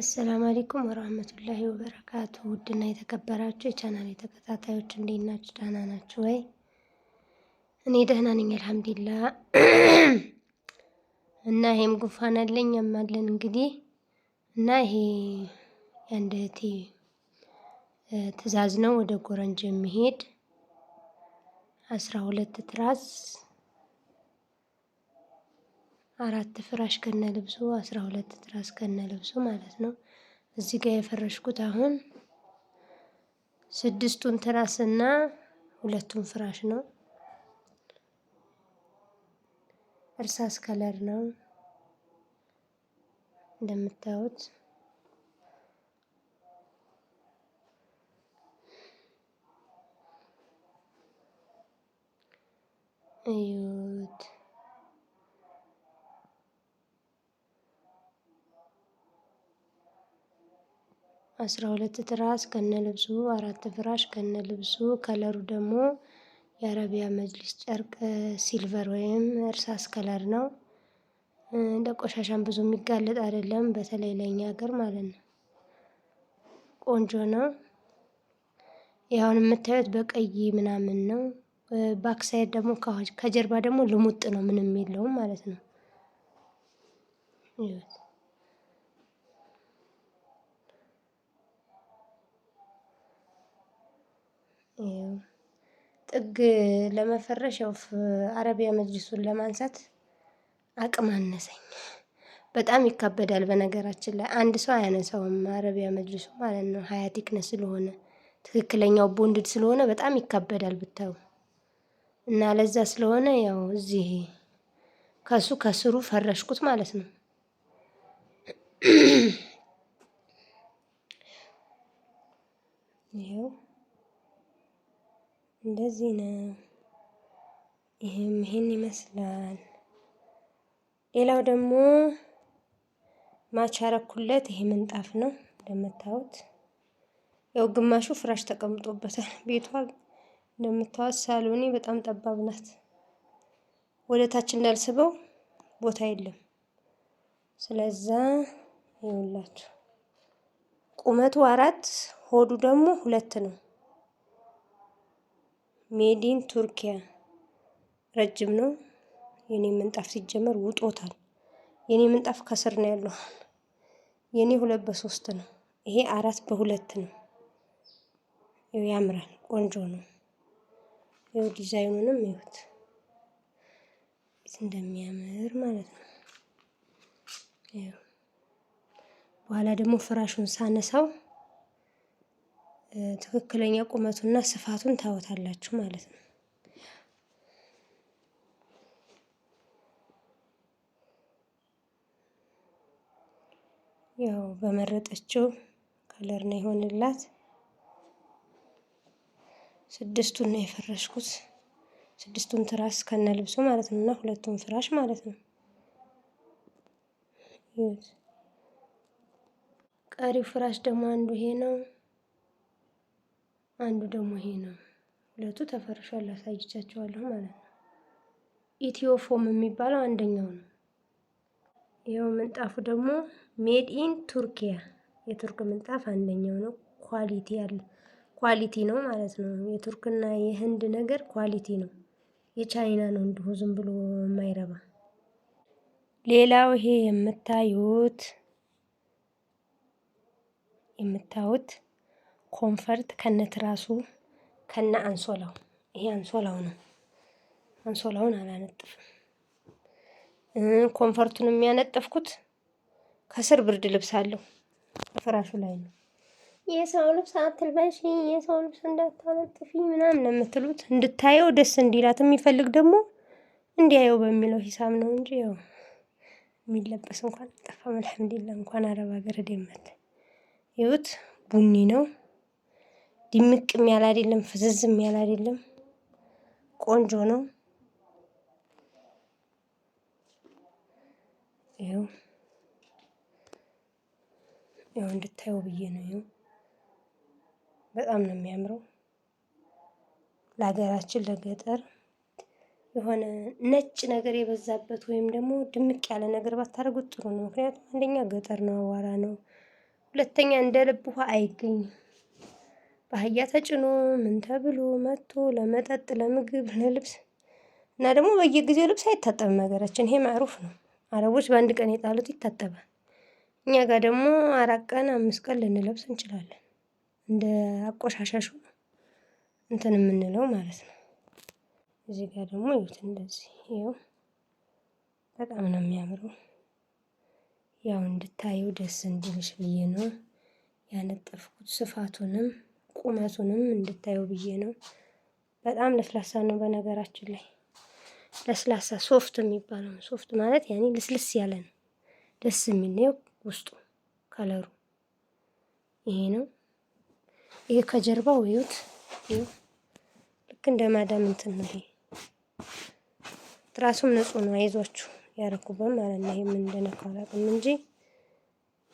አሰላም አለይኩም ወራህመቱላሂ ወበረካቱ። ውድና የተከበራችሁ የቻናል ተከታታዮች እንዴት ናችሁ? ደህና ናችሁ ወይ? እኔ ደህና ነኝ አልሐምዱሊላ። እና ይሄም ጉንፋን አለኝ ያማለን እንግዲህ እና ይሄ የአንድ እህቴ ትዕዛዝ ነው ወደ ጎረንጅ የሚሄድ አስራ ሁለት ትራስ አራት ፍራሽ ከነ ልብሱ አስራ ሁለት ትራስ ከነ ልብሱ ማለት ነው። እዚህ ጋር የፈረሽኩት አሁን ስድስቱን ትራስ እና ሁለቱን ፍራሽ ነው። እርሳስ ከለር ነው እንደምታዩት። እዩት አስራ ሁለት ትራስ ከነ ልብሱ አራት ፍራሽ ከነ ልብሱ ከለሩ ደግሞ የአረቢያ መጅሊስ ጨርቅ ሲልቨር ወይም እርሳስ ከለር ነው። እንደ ቆሻሻን ብዙ የሚጋለጥ አይደለም፣ በተለይ ለእኛ ሀገር ማለት ነው። ቆንጆ ነው። ያሁን የምታዩት በቀይ ምናምን ነው። ባክሳይድ ደግሞ ከጀርባ ደግሞ ልሙጥ ነው፣ ምንም የለውም ማለት ነው። ጥግ ለመፈረሽ ያው አረቢያ መጅሊሱን ለማንሳት አቅም አነሰኝ። በጣም ይካበዳል። በነገራችን ላይ አንድ ሰው አያነሳውም አረቢያ መጅሊሱ ማለት ነው። ሀያቴክነ ስለሆነ ትክክለኛው ቦንድድ ስለሆነ በጣም ይካበዳል ብታዩ እና ለዛ ስለሆነ ያው እዚህ ከሱ ከስሩ ፈረሽኩት ማለት ነው። ይኸው እንደዚህ ነው። ይህም ይህን ይመስላል። ሌላው ደግሞ ማቻረኩለት ይሄ ምንጣፍ ነው እንደምታዩት። ያው ግማሹ ፍራሽ ተቀምጦበታል። ቤቷ እንደምታዩት ሳሎኒ በጣም ጠባብ ናት። ወደ ታች እንዳልስበው ቦታ የለም። ስለዛ ይኸውላችሁ ቁመቱ አራት ሆዱ ደግሞ ሁለት ነው። ሜዲን ቱርኪያ ረጅም ነው። የኔ ምንጣፍ ሲጀመር ውጦታል። የኔ ምንጣፍ ከስር ነው ያለው። የኔ ሁለት በሶስት ነው። ይሄ አራት በሁለት ነው። ያምራል፣ ቆንጆ ነው። ይው ዲዛይኑንም ይሁት እንደሚያምር ማለት ነው። በኋላ ደግሞ ፍራሹን ሳነሳው ትክክለኛ ቁመቱና ስፋቱን ታወታላችሁ ማለት ነው። ያው በመረጠችው ከለር ነው የሆንላት። ስድስቱን ነው የፈረሽኩት፣ ስድስቱን ትራስ ከነ ልብሱ ማለት ነው እና ሁለቱን ፍራሽ ማለት ነው። ቀሪው ፍራሽ ደግሞ አንዱ ይሄ ነው። አንዱ ደግሞ ይሄ ነው። ሁለቱ ተፈርሿል፣ አሳይቻቸዋለሁ ማለት ነው። ኢትዮፎም የሚባለው አንደኛው ነው። ይኸው ምንጣፉ ደግሞ ሜድ ኢን ቱርኪያ የቱርክ ምንጣፍ አንደኛው ነው። ኳሊቲ ያለ ኳሊቲ ነው ማለት ነው። የቱርክና የህንድ ነገር ኳሊቲ ነው። የቻይና ነው እንዲሁ ዝም ብሎ የማይረባ። ሌላው ይሄ የምታዩት የምታዩት ኮንፈርት ከነትራሱ ከነ አንሶላው ይሄ አንሶላው ነው። አንሶላውን አላነጥፍም። ኮንፈርቱን የሚያነጥፍኩት ከስር ብርድ ልብስ አለው ፍራሹ ላይ ነው። የሰው ልብስ አትልበሽ፣ የሰው ልብስ እንዳታነጥፊ ምናምን ለምትሉት እንድታየው ደስ እንዲላት የሚፈልግ ደግሞ እንዲያየው በሚለው ሂሳብ ነው እንጂ ያው የሚለበስ እንኳን ጠፋም። አልሐምዱሊላ እንኳን አረብ ሀገር ደመት ይሁት ቡኒ ነው። ድምቅም ያለ አይደለም፣ ፍዝዝም ያለ አይደለም። ቆንጆ ነው። ይኸው ይኸው እንድታየው ብዬ ነው። ይኸው በጣም ነው የሚያምረው። ለሀገራችን ለገጠር የሆነ ነጭ ነገር የበዛበት ወይም ደግሞ ድምቅ ያለ ነገር ባታደርጉት ጥሩ ነው። ምክንያቱም አንደኛ ገጠር ነው፣ አቧራ ነው። ሁለተኛ እንደ ልብ ውሃ አይገኝም። በአህያ ተጭኖ ምን ተብሎ መጥቶ ለመጠጥ፣ ለምግብ፣ ለልብስ እና ደግሞ በየጊዜው ልብስ አይታጠብም ነገራችን ይሄ ማዕሩፍ ነው። አረቦች በአንድ ቀን የጣሉት ይታጠባል። እኛ ጋር ደግሞ አራት ቀን አምስት ቀን ልንለብስ እንችላለን። እንደ አቆሻሻሹ እንትን የምንለው ማለት ነው። እዚህ ጋር ደግሞ ይሁት እንደዚህ ይኸው በጣም ነው የሚያምረው። ያው እንድታየው ደስ እንዲልሽ ብዬ ነው ያነጠፍኩት ስፋቱንም ቁመቱንም እንድታየው ብዬ ነው። በጣም ለስላሳ ነው። በነገራችን ላይ ለስላሳ ሶፍት የሚባለው ሶፍት ማለት ያኔ ልስልስ ያለ ነው፣ ደስ የሚል ነው። ውስጡ ከለሩ ይሄ ነው። ይሄ ከጀርባው ወዩት ልክ እንደ ማዳም እንትን ነው። ትራሱም ንጹህ ነው። አይዟችሁ ያረኩበት ማለት ነው። ይሄ እንደነካው አላውቅም እንጂ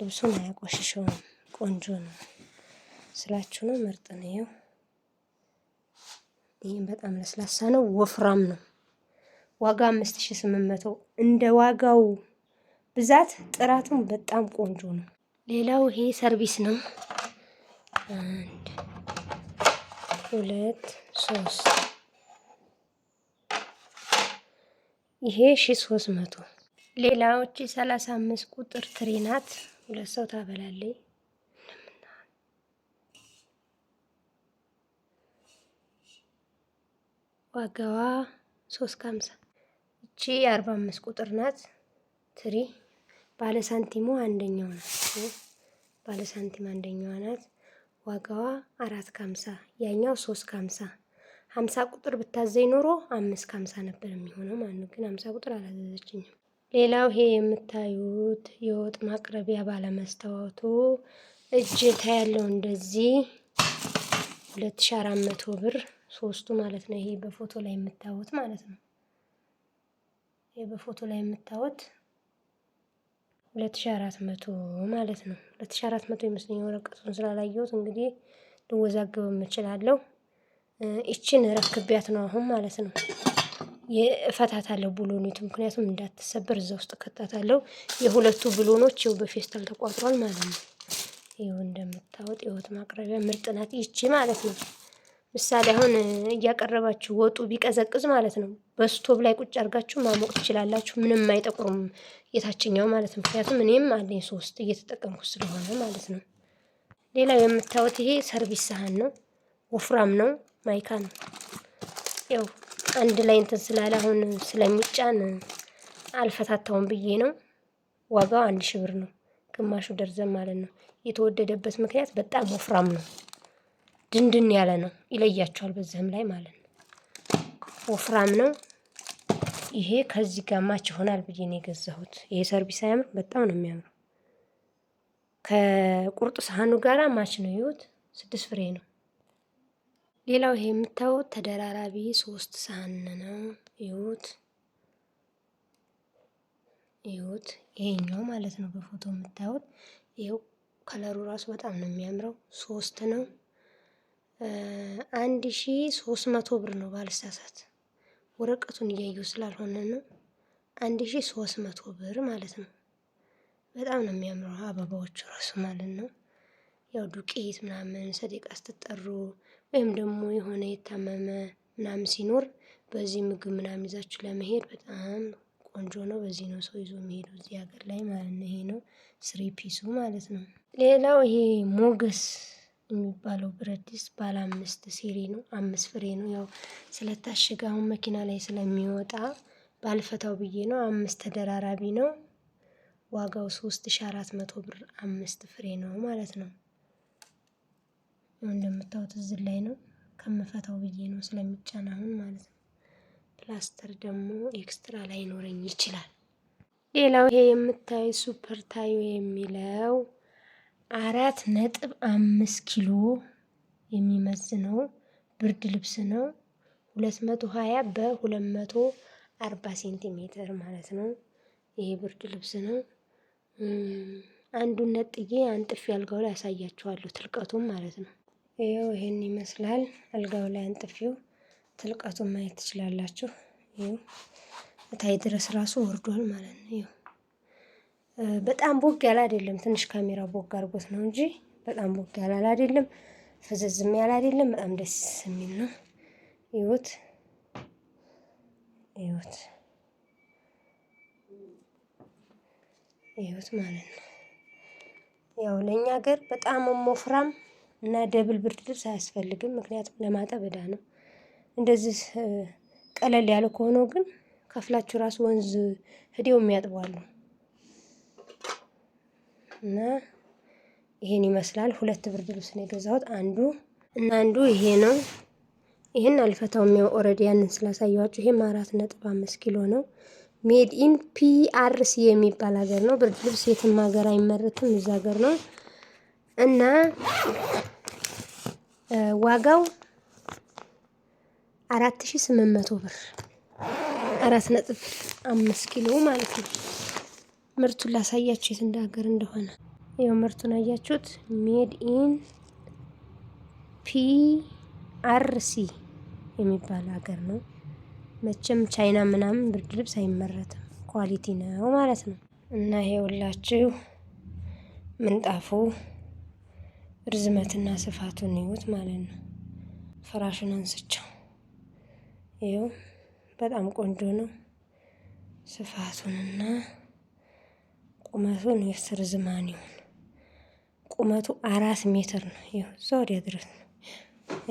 ልብሱን አያቆሽሸውም። ቆንጆ ነው። ስላችሁ ነው። ምርጥ ነው። ይኸው ይህም በጣም ለስላሳ ነው፣ ወፍራም ነው። ዋጋ አምስት ሺ ስምንት መቶ እንደ ዋጋው ብዛት ጥራቱም በጣም ቆንጆ ነው። ሌላው ይሄ ሰርቪስ ነው። አንድ ሁለት ሶስት ይሄ ሺ ሶስት መቶ ሌላዎች ሰላሳ አምስት ቁጥር ትሪ ናት። ሁለት ሰው ታበላለኝ ዋጋዋ ሶስት ከሀምሳ እቺ አርባ አምስት ቁጥር ናት። ትሪ ባለ ሳንቲሙ አንደኛው ናት። ባለ ሳንቲም አንደኛዋ ናት። ዋጋዋ አራት ከሀምሳ ያኛው ሶስት ከሀምሳ ሀምሳ ቁጥር ብታዘኝ ኖሮ አምስት ከሀምሳ ነበር የሚሆነው ማለት ነው። ግን ሀምሳ ቁጥር አላዘዘችኝም። ሌላው ይሄ የምታዩት የወጥ ማቅረቢያ ባለመስታወቱ እጀታ ያለው እንደዚህ ሁለት ሺ አራት መቶ ብር ሶስቱ ማለት ነው። ይሄ በፎቶ ላይ የምታዩት ማለት ነው። ይሄ በፎቶ ላይ የምታዩት 2400 ማለት ነው። 2400 ይመስለኝ ወረቀቱን ስላላየሁት እንግዲህ ልወዛገብም እችላለሁ። እቺን ረክቢያት ነው አሁን ማለት ነው እፈታታለሁ ብሎኒቱ፣ ምክንያቱም እንዳትሰበር እዛ ውስጥ ከታታለሁ። የሁለቱ ብሎኖች ይኸው በፌስታል ተቋጥሯል ማለት ነው። ይኸው እንደምታወጥ የወጥ ማቅረቢያ ምርጥ ናት ይቺ ማለት ነው። ምሳሌ አሁን እያቀረባችሁ ወጡ ቢቀዘቅዝ ማለት ነው፣ በስቶቭ ላይ ቁጭ አድርጋችሁ ማሞቅ ትችላላችሁ። ምንም አይጠቁርም የታችኛው ማለት ነው። ምክንያቱም እኔም አለኝ ሶስት እየተጠቀምኩ ስለሆነ ማለት ነው። ሌላው የምታዩት ይሄ ሰርቪስ ሳህን ነው። ወፍራም ነው፣ ማይካ ነው። ያው አንድ ላይ እንትን ስላለ አሁን ስለሚጫን አልፈታታውም ብዬ ነው። ዋጋው አንድ ሺህ ብር ነው፣ ግማሹ ደርዘን ማለት ነው። የተወደደበት ምክንያት በጣም ወፍራም ነው። ድንድን ያለ ነው። ይለያቸዋል በዚህም ላይ ማለት ነው። ወፍራም ነው። ይሄ ከዚህ ጋር ማች ይሆናል ብዬ ነው የገዛሁት። ይሄ ሰርቪስ አያምር? በጣም ነው የሚያምረው። ከቁርጥ ሳህኑ ጋራ ማች ነው። ይሁት ስድስት ፍሬ ነው። ሌላው ይሄ የምታዩት ተደራራቢ ሶስት ሳህን ነው። ይሁት ይሁት፣ ይሄኛው ማለት ነው በፎቶ የምታዩት። ይሄው። ከለሩ ራሱ በጣም ነው የሚያምረው። ሶስት ነው። አንድ ሺ ሶስት መቶ ብር ነው ባልሳሳት፣ ወረቀቱን እያየው ስላልሆነ ነው። አንድ ሺ ሶስት መቶ ብር ማለት ነው። በጣም ነው የሚያምረው አበባዎቹ ራሱ ማለት ነው። ያው ዱቄት ምናምን ሰደቃ ስትጠሩ ወይም ደግሞ የሆነ የታመመ ምናምን ሲኖር በዚህ ምግብ ምናምን ይዛችሁ ለመሄድ በጣም ቆንጆ ነው። በዚህ ነው ሰው ይዞ የሚሄደው እዚህ ሀገር ላይ ማለት ነው። ይሄ ነው ስሪ ፒሱ ማለት ነው። ሌላው ይሄ ሞገስ የሚባለው ብረት ድስት ባለ አምስት ሴሪ ነው። አምስት ፍሬ ነው። ያው ስለታሸገ አሁን መኪና ላይ ስለሚወጣ ባልፈታው ብዬ ነው። አምስት ተደራራቢ ነው። ዋጋው ሶስት ሺ አራት መቶ ብር አምስት ፍሬ ነው ማለት ነው። እንደምታዩት እዚህ ላይ ነው ከምፈታው ብዬ ነው ስለሚጫን አሁን ማለት ነው። ፕላስተር ደግሞ ኤክስትራ ላይኖረኝ ይችላል። ሌላው ይሄ የምታይ ሱፐር ታዩ የሚለው አራት ነጥብ አምስት ኪሎ የሚመዝነው ብርድ ልብስ ነው። ሁለት መቶ ሀያ በሁለት መቶ አርባ ሴንቲሜትር ማለት ነው። ይሄ ብርድ ልብስ ነው። አንዱን ነጥዬ አንጥፌ አልጋው ላይ ያሳያችኋለሁ፣ ትልቀቱም ማለት ነው። ይኸው ይሄን ይመስላል። አልጋው ላይ አንጥፌው ትልቀቱን ማየት ትችላላችሁ። ይኸው እታይ ድረስ ራሱ ወርዷል ማለት ነው። በጣም ቦግ ያለ አይደለም። ትንሽ ካሜራ ቦግ አድርጎት ነው እንጂ በጣም ቦግ ያለ አይደለም። ፈዘዝም ያለ አይደለም። በጣም ደስ የሚል ነው። ይሁት ይሁት ይሁት ማለት ነው። ያው ለእኛ ሀገር በጣም ወፍራም እና ደብል ብርድ ልብስ አያስፈልግም። ምክንያቱም ለማጠብ እዳ ነው። እንደዚህ ቀለል ያለ ከሆነው ግን ከፍላችሁ ራሱ ወንዝ ሂደው የሚያጥቧሉ። እና ይሄን ይመስላል። ሁለት ብርድ ልብስ ነው የገዛሁት። አንዱ እና አንዱ ይሄ ነው። ይህን አልፈታውም። ያው ኦልሬዲ ያንን ስላሳየኋችሁ ይሄም አራት ነጥብ አምስት ኪሎ ነው። ሜድ ኢን ፒአርሲ የሚባል ሀገር ነው። ብርድ ልብስ የትም ሀገር አይመረትም፣ እዛ ሀገር ነው እና ዋጋው አራት ሺ ስምንት መቶ ብር አራት ነጥብ አምስት ኪሎ ማለት ነው። ምርቱን ላሳያችሁ የት እንደ ሀገር እንደሆነ ያው ምርቱን አያችሁት። ሜድ ኢን ሲ የሚባል ሀገር ነው። መቼም ቻይና ምናምን ብርድ ልብስ አይመረትም፣ ኳሊቲ ነው ማለት ነው። እና ይሄውላችሁ ምንጣፉ ርዝመትና ስፋቱን ይዩት ማለት ነው። ፍራሹን አንስቸው ይኸው በጣም ቆንጆ ነው ስፋቱንና ቁመቱ የስር ዝማን ይሁን ቁመቱ አራት ሜትር ነው። ይኸው እዛ ወዲያ ድረስ ነው።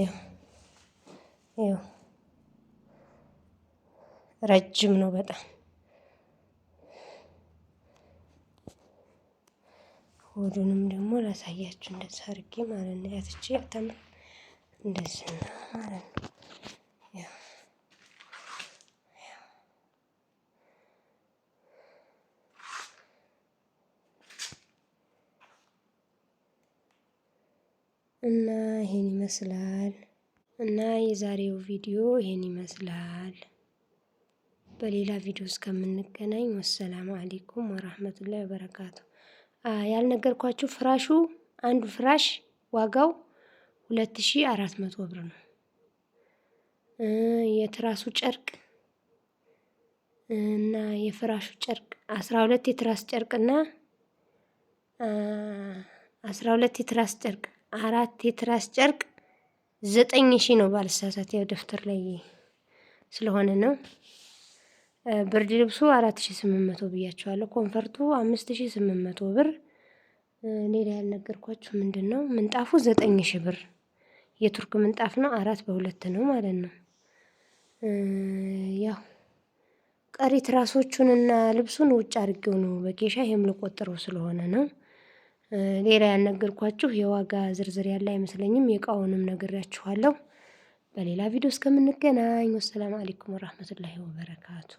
ይኸው ይኸው ረጅም ነው በጣም ሆዱንም ደግሞ ላሳያችሁ እንደዚህ አድርጌ ማለት ነው። ያትቼ እንደዚህ ነው ማለት ነው። እና ይሄን ይመስላል እና የዛሬው ቪዲዮ ይሄን ይመስላል። በሌላ ቪዲዮ እስከምንገናኝ ወሰላም አሌይኩም ወራህመቱላሂ ወበረካቱ። ያልነገርኳችሁ ፍራሹ አንዱ ፍራሽ ዋጋው ሁለት ሺ አራት መቶ ብር ነው። የትራሱ ጨርቅ እና የፍራሹ ጨርቅ አስራ ሁለት የትራስ ጨርቅና አስራ ሁለት የትራስ ጨርቅ አራት የትራስ ጨርቅ ዘጠኝ ሺህ ነው ባልሳሳት፣ ያው ደፍተር ላይ ስለሆነ ነው። ብርድ ልብሱ አራት ሺህ ስምንት መቶ ብያቸዋለሁ። ኮንፈርቱ አምስት ሺህ ስምንት መቶ ብር። ሌላ ያልነገርኳችሁ ምንድን ነው ምንጣፉ ዘጠኝ ሺህ ብር የቱርክ ምንጣፍ ነው። አራት በሁለት ነው ማለት ነው። ያው ቀሪ ትራሶቹንና ልብሱን ውጭ አድርጌው ነው በጌሻ ይህም ልቆጥረው ስለሆነ ነው። ሌላ ያነገርኳችሁ የዋጋ ዝርዝር ያለ አይመስለኝም። የእቃውንም ነግሬያችኋለሁ። በሌላ ቪዲዮ እስከምንገናኝ ወሰላም አሌይኩም ወራህመቱላሂ ወበረካቱ።